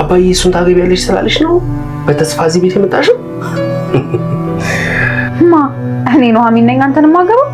አባዬ እሱን ታገቢያለሽ ስላለሽ ነው በተስፋ እዚህ ቤት የመጣሽው? ማ እኔ ኑሐሚን ነኝ አንተን የማገባው?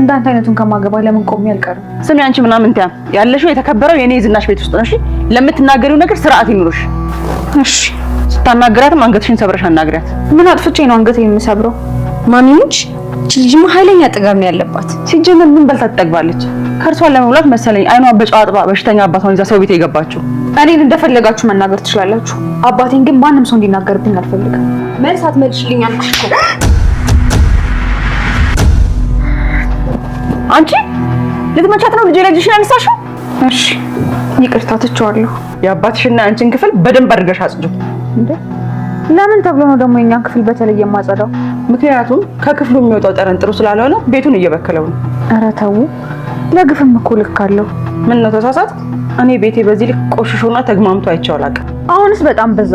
እንዳንተ አይነቱን ከማገባ ለምን ቆሜ አልቀርም? ስሚ አንቺ ምናምን ያለሽው የተከበረው የኔ ዝናሽ ቤት ውስጥ ነው። እሺ ለምትናገሪው ነገር ስርዓት ይኑርሽ። እሺ ስታናግሪያትም አንገትሽን ሰብረሽ አናግሪያት። ምን አጥፍቼ ነው አንገቴን የምሰብረው? ማሚዎች ልጅማ ኃይለኛ ጥጋብ ነው ያለባት። ሲጀምር ምን በልታ ትጠግባለች? ከእርሷን ለመብላት መሰለኝ አይኗ በጨዋጥባ በሽተኛ አባቷን ይዛ ሰው ቤት የገባችው። እኔን እንደፈለጋችሁ መናገር ትችላላችሁ፣ አባቴን ግን ማንም ሰው እንዲናገርብኝ አልፈልግም። መልስ አትመልሽልኝ አልኩሽ እኮ አንቺ ልትመቻት ነው ልጄ። ልጅሽን አነሳሽው? እሺ ይቅርታ ትቼዋለሁ። የአባትሽና አንቺን ክፍል በደንብ አድርገሽ አጽጁ። እንዴ ለምን ተብሎ ነው ደግሞ የኛን ክፍል በተለይ የማጸዳው? ምክንያቱም ከክፍሉ የሚወጣው ጠረን ጥሩ ስላልሆነ ቤቱን እየበከለው ነው። ኧረ ተው፣ ለግፍም እኮ ልክ አለው። ምን ነው ተሳሳት? እኔ ቤቴ በዚህ ልክ ቆሽሾና ተግማምቶ አይቼው አላውቅም። አሁንስ በጣም በዛ።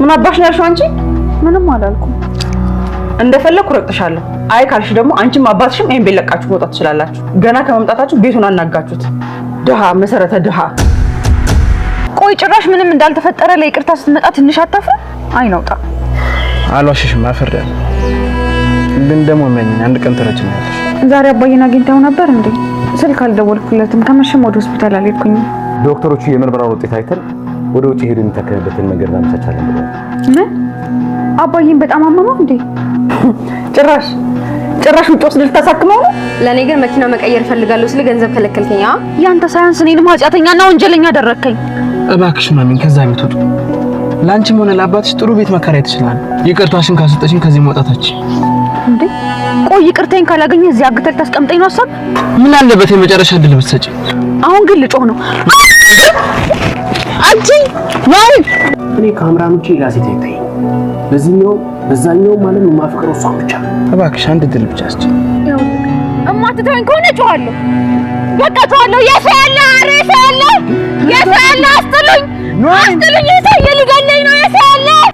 ምን አባሽ ነው ያልሽው? አንቺ ምንም አላልኩም። እንደፈለኩ ረቅጥሻለሁ። አይ ካልሽ ደግሞ አንቺም አባትሽም ይሄን ቤት ለቃችሁ መውጣት ትችላላችሁ። ገና ከመምጣታችሁ ቤቱን አናጋችሁት። ድሃ መሰረተ ድሃ። ቆይ ጭራሽ ምንም እንዳልተፈጠረ ለይቅርታ ስትመጣ ትንሽ አታፍርም? አይ ነውጣ አልዋሽሽም፣ አፈርዳለሁ። ግን ደግሞ መኝ አንድ ቀን ትረጅኛለሽ። ዛሬ አባዬን አግኝተው ነበር እንዴ? ስልክ አልደወልኩለትም። ከመሸም ወደ ሆስፒታል አልሄድኩኝም። ዶክተሮቹ የምርመራውን ውጤት አይተን ወደ ውጭ ሄድን የሚታከምበትን መንገድ እናመቻቻለን ብለዋል። ምን? አባዬን በጣም አመመው እንዴ? ጭራሽ ጭራሽ ውጭ ወስደሽ ልታሳክመው ነው? ለእኔ ግን መኪና መቀየር እፈልጋለሁ ስል ገንዘብ ከለከልከኝ። ያንተ ሳያንስ እኔንም ኃጢአተኛና ወንጀለኛ አደረግከኝ። እባክሽ ማሚን ከዛ ቤት ውጡ። ለአንቺም ሆነ ለአባትሽ ጥሩ ቤት መከራየት ይችላል። ይቅርታሽን ካሰጠሽን ከዚህ መውጣታችን። እንዴ ቆይ ይቅርታዬን ካላገኘ እዚህ አግተል ታስቀምጠኝ ነው ሀሳብ? ምን አለበት የመጨረሻ እድል ብትሰጪ። አሁን ግን ልጮህ ነው። አንቺ ማይ እኔ ካሜራም እጪ ራሴ ተይተይ በዚህኛው በዛኛው ማለት ነው የማፈቅረው እሷን ብቻ። እባክሽ አንድ እድል ብቻ እስቲ። እማትተወኝ ከሆነ እጮሃለሁ። በቃ እጮሃለሁ። የሰላ አረ የሰላ የሰላ አስጥሉኝ፣ አስጥሉኝ የሰየ ልገል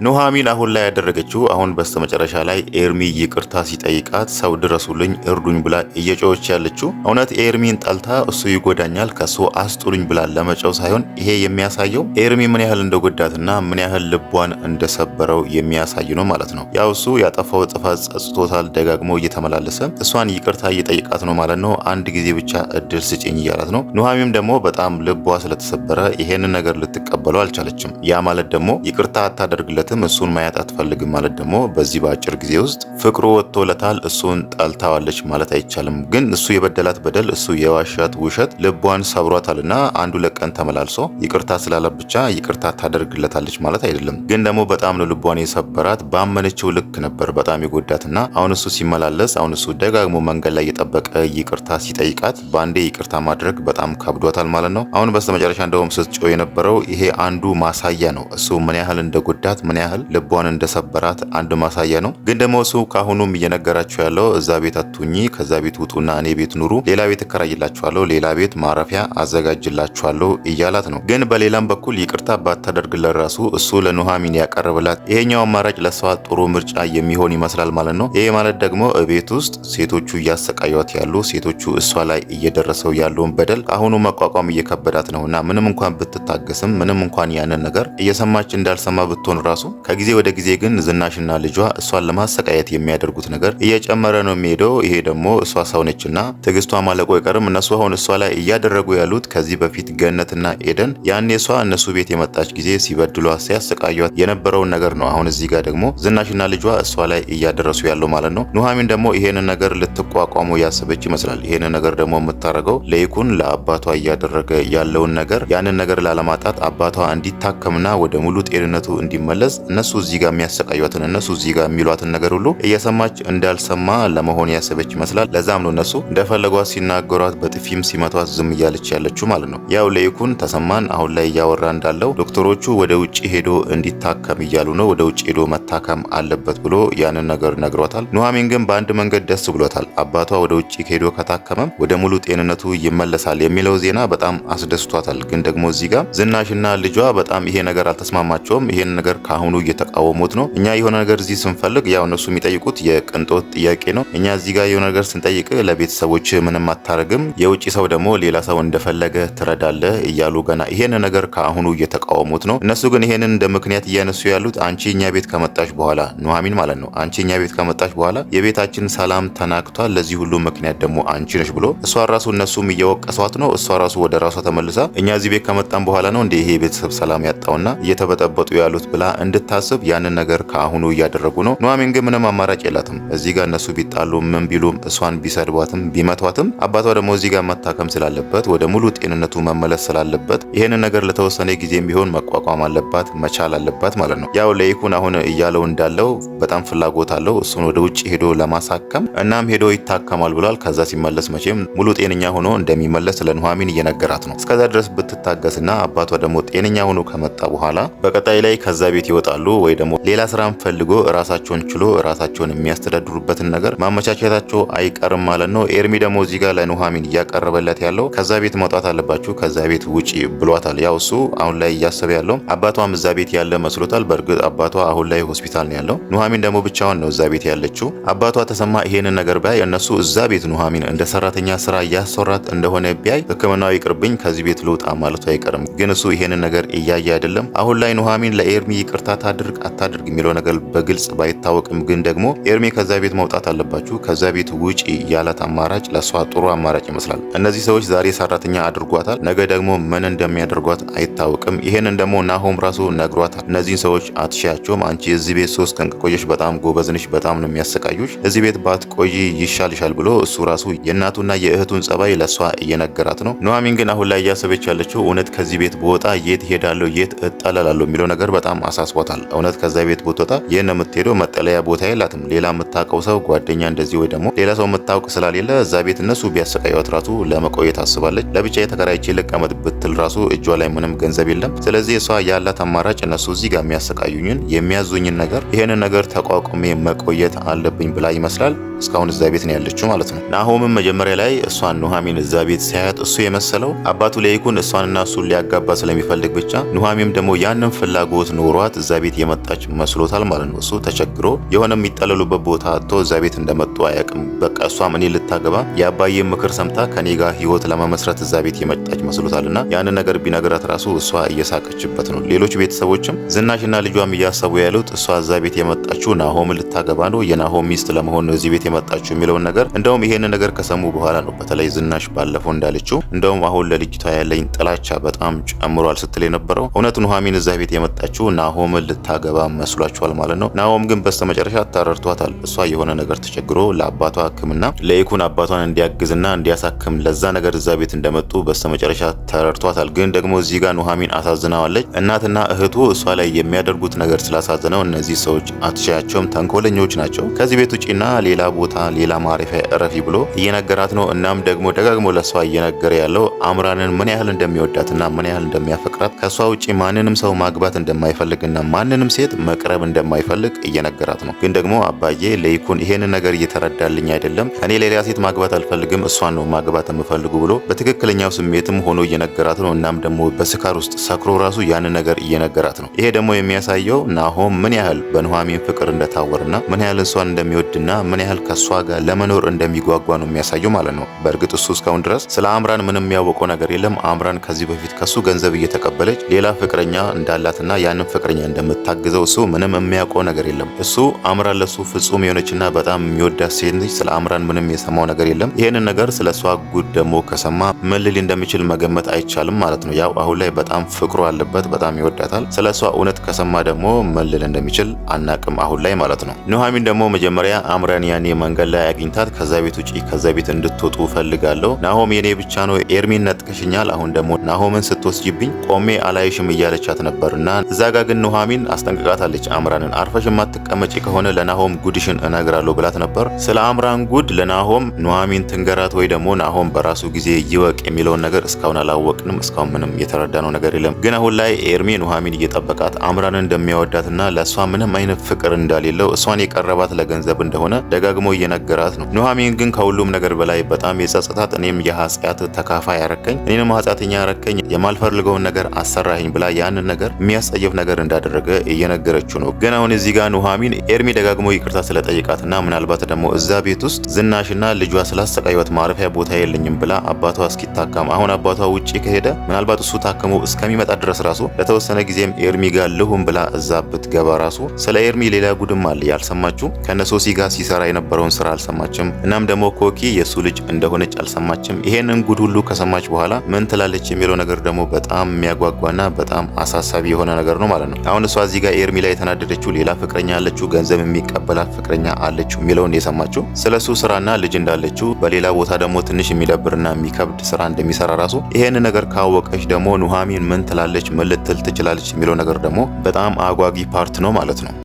ኑሐሚን አሁን ላይ ያደረገችው አሁን በስተመጨረሻ ላይ ኤርሚ ይቅርታ ሲጠይቃት ሰው ድረሱልኝ እርዱኝ ብላ እየጮች ያለችው እውነት ኤርሚን ጠልታ እሱ ይጎዳኛል ከሱ አስጡልኝ ብላ ለመጨው ሳይሆን ይሄ የሚያሳየው ኤርሚ ምን ያህል እንደጎዳትና ምን ያህል ልቧን እንደሰበረው የሚያሳይ ነው ማለት ነው። ያው እሱ ያጠፋው ጥፋት ጸጽቶታል። ደጋግሞ እየተመላለሰ እሷን ይቅርታ እየጠይቃት ነው ማለት ነው። አንድ ጊዜ ብቻ እድል ስጭኝ እያላት ነው። ኑሐሚም ደግሞ በጣም ልቧ ስለተሰበረ ይሄንን ነገር ልትቀበለው አልቻለችም። ያ ማለት ደግሞ ይቅርታ አታደርግለት ማለትም እሱን ማየት አትፈልግም ማለት ደግሞ በዚህ በአጭር ጊዜ ውስጥ ፍቅሩ ወጥቶለታል፣ እሱን ጠልታዋለች ማለት አይቻልም። ግን እሱ የበደላት በደል፣ እሱ የዋሻት ውሸት ልቧን ሰብሯታልና አንዱ ለቀን ተመላልሶ ይቅርታ ስላለ ብቻ ይቅርታ ታደርግለታለች ማለት አይደለም። ግን ደግሞ በጣም ነው ልቧን የሰበራት። ባመነችው ልክ ነበር በጣም የጎዳትና አሁን እሱ ሲመላለስ፣ አሁን እሱ ደጋግሞ መንገድ ላይ የጠበቀ ይቅርታ ሲጠይቃት በአንዴ ይቅርታ ማድረግ በጣም ከብዷታል ማለት ነው። አሁን በስተመጨረሻ እንደውም ስትጮህ የነበረው ይሄ አንዱ ማሳያ ነው እሱ ምን ያህል እንደጎዳት ምን ያህል ልቧን እንደሰበራት አንድ ማሳያ ነው። ግን ደግሞ እሱ ከአሁኑም እየነገራቸው ያለው እዛ ቤት አትሁኚ፣ ከዛ ቤት ውጡና እኔ ቤት ኑሩ፣ ሌላ ቤት እከራይላችኋለሁ፣ ሌላ ቤት ማረፊያ አዘጋጅላችኋለሁ እያላት ነው። ግን በሌላም በኩል ይቅርታ ባታደርግለት ራሱ እሱ ለኑሐሚን ያቀርብላት ይሄኛው አማራጭ ለሷ ጥሩ ምርጫ የሚሆን ይመስላል ማለት ነው። ይሄ ማለት ደግሞ ቤት ውስጥ ሴቶቹ እያሰቃዩት ያሉ ሴቶቹ እሷ ላይ እየደረሰው ያለውን በደል አሁኑ መቋቋም እየከበዳት ነውና ምንም እንኳን ብትታገስም ምንም እንኳን ያንን ነገር እየሰማች እንዳልሰማ ብትሆን ራሱ አልቀነሱም። ከጊዜ ወደ ጊዜ ግን ዝናሽና ልጇ እሷን ለማሰቃየት የሚያደርጉት ነገር እየጨመረ ነው የሚሄደው። ይሄ ደግሞ እሷ ሰውነችና ትዕግስቷ ማለቆ አይቀርም። እነሱ አሁን እሷ ላይ እያደረጉ ያሉት ከዚህ በፊት ገነትና ኤደን ያኔ እሷ እነሱ ቤት የመጣች ጊዜ ሲበድሏ ሲያሰቃዩት የነበረውን ነገር ነው። አሁን እዚህ ጋር ደግሞ ዝናሽና ልጇ እሷ ላይ እያደረሱ ያለው ማለት ነው። ኑሐሚን ደግሞ ይሄንን ነገር ልትቋቋሙ እያሰበች ይመስላል። ይሄንን ነገር ደግሞ የምታደርገው ለይኩን ለአባቷ እያደረገ ያለውን ነገር ያንን ነገር ላለማጣት አባቷ እንዲታከምና ወደ ሙሉ ጤንነቱ እንዲመለስ እነሱ እዚህ ጋር የሚያሰቃዩትን እነሱ እዚህ ጋር የሚሏትን ነገር ሁሉ እየሰማች እንዳልሰማ ለመሆን ያሰበች ይመስላል። ለዛም ነው እነሱ እንደፈለጓት ሲናገሯት፣ በጥፊም ሲመቷት ዝም እያለች ያለችው ማለት ነው። ያው ለይኩን ተሰማን አሁን ላይ እያወራ እንዳለው ዶክተሮቹ ወደ ውጭ ሄዶ እንዲታከም እያሉ ነው። ወደ ውጭ ሄዶ መታከም አለበት ብሎ ያንን ነገር ነግሯታል። ኑሐሚን ግን በአንድ መንገድ ደስ ብሎታል። አባቷ ወደ ውጭ ሄዶ ከታከመም ወደ ሙሉ ጤንነቱ ይመለሳል የሚለው ዜና በጣም አስደስቷታል። ግን ደግሞ እዚህ ጋር ዝናሽና ልጇ በጣም ይሄ ነገር አልተስማማቸውም። ይሄን ነገር ካሁን አሁኑ እየተቃወሙት ነው። እኛ የሆነ ነገር እዚህ ስንፈልግ ያው እነሱ የሚጠይቁት የቅንጦት ጥያቄ ነው። እኛ እዚህ ጋር የሆነ ነገር ስንጠይቅ ለቤተሰቦች ምንም አታደርግም፣ የውጭ ሰው ደግሞ ሌላ ሰው እንደፈለገ ትረዳለ እያሉ ገና ይሄን ነገር ከአሁኑ እየተቃወሙት ነው። እነሱ ግን ይሄንን እንደ ምክንያት እያነሱ ያሉት አንቺ እኛ ቤት ከመጣሽ በኋላ ኑሐሚን ማለት ነው አንቺ እኛ ቤት ከመጣሽ በኋላ የቤታችን ሰላም ተናግቷል፣ ለዚህ ሁሉ ምክንያት ደግሞ አንቺ ነሽ ብሎ እሷ ራሱ እነሱም እየወቀሷት ነው። እሷ ራሱ ወደ ራሷ ተመልሳ እኛ እዚህ ቤት ከመጣን በኋላ ነው እንደ ይሄ የቤተሰብ ሰላም ያጣውና እየተበጠበጡ ያሉት ብላ እንደ እንድታስብ ያንን ነገር ከአሁኑ እያደረጉ ነው። ኑሐሚን ግን ምንም አማራጭ የላትም። እዚህ ጋር እነሱ ቢጣሉ ምን ቢሉም እሷን ቢሰድቧትም ቢመቷትም አባቷ ደግሞ እዚህ ጋር መታከም ስላለበት ወደ ሙሉ ጤንነቱ መመለስ ስላለበት ይህንን ነገር ለተወሰነ ጊዜ ቢሆን መቋቋም አለባት መቻል አለባት ማለት ነው። ያው ለይኩን አሁን እያለው እንዳለው በጣም ፍላጎት አለው እሱን ወደ ውጭ ሄዶ ለማሳከም እናም ሄዶ ይታከማል ብሏል። ከዛ ሲመለስ መቼም ሙሉ ጤነኛ ሆኖ እንደሚመለስ ለኑሐሚን እየነገራት ነው። እስከዛ ድረስ ብትታገስና አባቷ ደግሞ ጤነኛ ሆኖ ከመጣ በኋላ በቀጣይ ላይ ከዛ ቤት ይወጣል ይወጣሉ ወይ ደግሞ ሌላ ስራን ፈልጎ ራሳቸውን ችሎ ራሳቸውን የሚያስተዳድሩበትን ነገር ማመቻቸታቸው አይቀርም ማለት ነው። ኤርሚ ደግሞ እዚህ ጋር ለኑሐሚን እያቀረበለት ያለው ከዛ ቤት መውጣት አለባችሁ፣ ከዛ ቤት ውጪ ብሏታል። ያው እሱ አሁን ላይ እያሰበ ያለው አባቷም እዛ ቤት ያለ መስሎታል። በእርግጥ አባቷ አሁን ላይ ሆስፒታል ነው ያለው። ኑሐሚን ደግሞ ብቻውን ነው እዛ ቤት ያለችው። አባቷ ተሰማ ይሄንን ነገር ቢያይ እነሱ እዛ ቤት ኑሐሚን እንደ ሰራተኛ ስራ እያሰራት እንደሆነ ቢያይ ሕክምናው ይቅርብኝ ከዚህ ቤት ልውጣ ማለቱ አይቀርም። ግን እሱ ይሄንን ነገር እያየ አይደለም። አሁን ላይ ኑሐሚን ለኤርሚ ይቅርታ አታድርግ አታድርግ የሚለው ነገር በግልጽ ባይታወቅም ግን ደግሞ ኤርሜ ከዛ ቤት መውጣት አለባችሁ፣ ከዛ ቤት ውጪ ያላት አማራጭ ለእሷ ጥሩ አማራጭ ይመስላል። እነዚህ ሰዎች ዛሬ ሰራተኛ አድርጓታል፣ ነገ ደግሞ ምን እንደሚያደርጓት አይታወቅም። ይሄንን ደግሞ ናሆም ራሱ ነግሯታል። እነዚህን ሰዎች አትሻያቸውም። አንቺ እዚህ ቤት ሶስት ቀን ቆየሽ፣ በጣም ጎበዝንሽ፣ በጣም ነው የሚያሰቃዩሽ፣ እዚህ ቤት ባትቆይ ይሻልሻል ብሎ እሱ ራሱ የእናቱና የእህቱን ጸባይ ለእሷ እየነገራት ነው። ኑሐሚን ግን አሁን ላይ እያሰበች ያለችው እውነት ከዚህ ቤት በወጣ የት ሄዳለሁ፣ የት እጠለላለሁ የሚለው ነገር በጣም አሳስ ገስጿታል። እውነት ከዛ ቤት ብትወጣ ይህን የምትሄደው መጠለያ ቦታ የላትም። ሌላ የምታውቀው ሰው ጓደኛ እንደዚህ ወይ ደግሞ ሌላ ሰው የምታውቅ ስለሌለ እዛ ቤት እነሱ ቢያሰቃዩት ራሱ ለመቆየት አስባለች። ለብቻ የተከራይቼ ልቀመጥ ብትል ራሱ እጇ ላይ ምንም ገንዘብ የለም። ስለዚህ እሷ ያላት አማራጭ እነሱ እዚህ ጋር የሚያሰቃዩኝን የሚያዙኝን ነገር ይህንን ነገር ተቋቁሜ መቆየት አለብኝ ብላ ይመስላል እስካሁን እዛ ቤት ነው ያለችው ማለት ነው። ናሆምም መጀመሪያ ላይ እሷን ኑሐሚን እዛ ቤት ሲያያት እሱ የመሰለው አባቱ ለይኩን እሷንና እሱን ሊያጋባ ስለሚፈልግ ብቻ ኑሐሚም ደግሞ ያንን ፍላጎት ኖሯት እዛ ቤት የመጣች መስሎታል ማለት ነው። እሱ ተቸግሮ የሆነ የሚጠለሉበት ቦታ አጥቶ እዛ ቤት እንደመጡ አያውቅም። በቃ እሷም እኔ ልታገባ የአባዬ ምክር ሰምታ ከኔ ጋር ህይወት ለመመስረት እዛ ቤት የመጣች መስሎታልና ያን ነገር ቢነግራት ራሱ እሷ እየሳቀችበት ነው። ሌሎች ቤተሰቦችም ዝናሽና ልጇም እያሰቡ ያሉት እሷ እዛ ቤት የመጣችው ናሆም ልታገባ ነው፣ የናሆም ሚስት ለመሆን ነው እዚህ ቤት የመጣችው የሚለውን ነገር እንደውም ይሄን ነገር ከሰሙ በኋላ ነው። በተለይ ዝናሽ ባለፈው እንዳለችው እንደውም አሁን ለልጅቷ ያለኝ ጥላቻ በጣም ጨምሯል ስትል የነበረው እውነት ኑሐሚን እዛ ቤት የመጣችው ናሆም ናሆምን ልታገባ መስሏቸዋል ማለት ነው። ናሆም ግን በስተመጨረሻ ተረድቷታል። እሷ የሆነ ነገር ተቸግሮ ለአባቷ ሕክምና ለኢኩን አባቷን እንዲያግዝና እንዲያሳክም ለዛ ነገር እዛ ቤት እንደመጡ በስተመጨረሻ ተረድቷታል። ግን ደግሞ እዚህ ጋር ኑሐሚን አሳዝናዋለች። እናትና እህቱ እሷ ላይ የሚያደርጉት ነገር ስላሳዝነው እነዚህ ሰዎች አትሻያቸውም፣ ተንኮለኞች ናቸው፣ ከዚህ ቤት ውጪና ሌላ ቦታ ሌላ ማረፊያ እረፊ ብሎ እየነገራት ነው። እናም ደግሞ ደጋግሞ ለእሷ እየነገረ ያለው አምራንን ምን ያህል እንደሚወዳትና ምን ያህል እንደሚያፈቅራት ከእሷ ውጪ ማንንም ሰው ማግባት እንደማይፈልግና ማንንም ሴት መቅረብ እንደማይፈልግ እየነገራት ነው። ግን ደግሞ አባዬ ለይኩን ይሄንን ነገር እየተረዳልኝ አይደለም፣ እኔ ሌላ ሴት ማግባት አልፈልግም፣ እሷን ነው ማግባት የምፈልጉ ብሎ በትክክለኛው ስሜትም ሆኖ እየነገራት ነው። እናም ደግሞ በስካር ውስጥ ሰክሮ ራሱ ያንን ነገር እየነገራት ነው። ይሄ ደግሞ የሚያሳየው ናሆም ምን ያህል በኑሐሚን ፍቅር እንደታወርና ምን ያህል እሷን እንደሚወድና ምን ያህል ከእሷ ጋር ለመኖር እንደሚጓጓ ነው የሚያሳየው ማለት ነው። በእርግጥ እሱ እስካሁን ድረስ ስለ አምራን ምንም የሚያውቀው ነገር የለም። አምራን ከዚህ በፊት ከሱ ገንዘብ እየተቀበለች ሌላ ፍቅረኛ እንዳላትና ያንን ፍቅረኛ እንደምታግዘው እሱ ምንም የሚያውቀው ነገር የለም። እሱ አምራን ለሱ ፍጹም የሆነችና በጣም የሚወዳት ሴት ነች። ስለ አምራን ምንም የሰማው ነገር የለም። ይህንን ነገር ስለ እሷ ጉድ ደግሞ ከሰማ ምን ሊል እንደሚችል መገመት አይቻልም ማለት ነው። ያው አሁን ላይ በጣም ፍቅሩ አለበት፣ በጣም ይወዳታል። ስለ እሷ እውነት ከሰማ ደግሞ ምን ሊል እንደሚችል አናቅም አሁን ላይ ማለት ነው። ኑሐሚን ደግሞ መጀመሪያ አምራን ያኔ መንገድ ላይ አግኝታት ከዛ ቤት ውጪ ከዛ ቤት እንድትወጡ ፈልጋለሁ፣ ናሆም የኔ ብቻ ነው፣ ኤርሚን ነጥቅሽኛል፣ አሁን ደግሞ ናሆምን ስትወስጅብኝ ቆሜ አላይሽም እያለቻት ነበርና እዛ ጋ ግን ኑሐሚን አስጠንቅቃታለች። አምራንን አርፈሽ የማትቀመጪ ከሆነ ለናሆም ጉድሽን እነግራለሁ ብላት ነበር። ስለ አምራን ጉድ ለናሆም ኑሐሚን ትንገራት ወይ ደግሞ ናሆም በራሱ ጊዜ ይወቅ የሚለውን ነገር እስካሁን አላወቅንም። እስካሁን ምንም የተረዳነው ነገር የለም። ግን አሁን ላይ ኤርሚ ኑሐሚን እየጠበቃት አምራን እንደሚያወዳትና ለእሷ ምንም አይነት ፍቅር እንዳሌለው እሷን የቀረባት ለገንዘብ እንደሆነ ደጋግሞ እየነገራት ነው። ኑሐሚን ግን ከሁሉም ነገር በላይ በጣም የጸጸታት እኔም የኃጢአት ተካፋይ ያረከኝ እኔንም ኃጢአተኛ ያረከኝ የማልፈልገውን ነገር አሰራኝ ብላ ያንን ነገር የሚያስጸየፍ ነገር እንዳደረ እንዳደረገ እየነገረችው ነው። ግን አሁን እዚህ ጋር ኑሐሚን ኤርሚ ደጋግሞ ይቅርታ ስለጠይቃትና ምናልባት ደግሞ እዛ ቤት ውስጥ ዝናሽና ልጇ ስላሰቃይወት ማረፊያ ቦታ የለኝም ብላ አባቷ እስኪታከም አሁን አባቷ ውጭ ከሄደ ምናልባት እሱ ታክሞ እስከሚመጣ ድረስ ራሱ ለተወሰነ ጊዜም ኤርሚ ጋር ልሁም ብላ እዛ ብትገባ ራሱ ስለ ኤርሚ ሌላ ጉድም አለ ያልሰማችሁ። ከነ ሶሲ ጋር ሲሰራ የነበረውን ስራ አልሰማችም። እናም ደግሞ ኮኪ የእሱ ልጅ እንደሆነች አልሰማችም። ይሄንን ጉድ ሁሉ ከሰማች በኋላ ምን ትላለች የሚለው ነገር ደግሞ በጣም የሚያጓጓና በጣም አሳሳቢ የሆነ ነገር ነው ማለት ነው አሁን መልሷ እዚህ ጋር ኤርሚ ላይ የተናደደችው ሌላ ፍቅረኛ አለችው፣ ገንዘብ የሚቀበላት ፍቅረኛ አለችው የሚለውን የሰማችው ስለ እሱ ስራና ልጅ እንዳለችው በሌላ ቦታ ደግሞ ትንሽ የሚደብርና የሚከብድ ስራ እንደሚሰራ ራሱ ይሄን ነገር ካወቀች ደግሞ ኑሐሚን ምን ትላለች፣ ምን ልትል ትችላለች የሚለው ነገር ደግሞ በጣም አጓጊ ፓርት ነው ማለት ነው።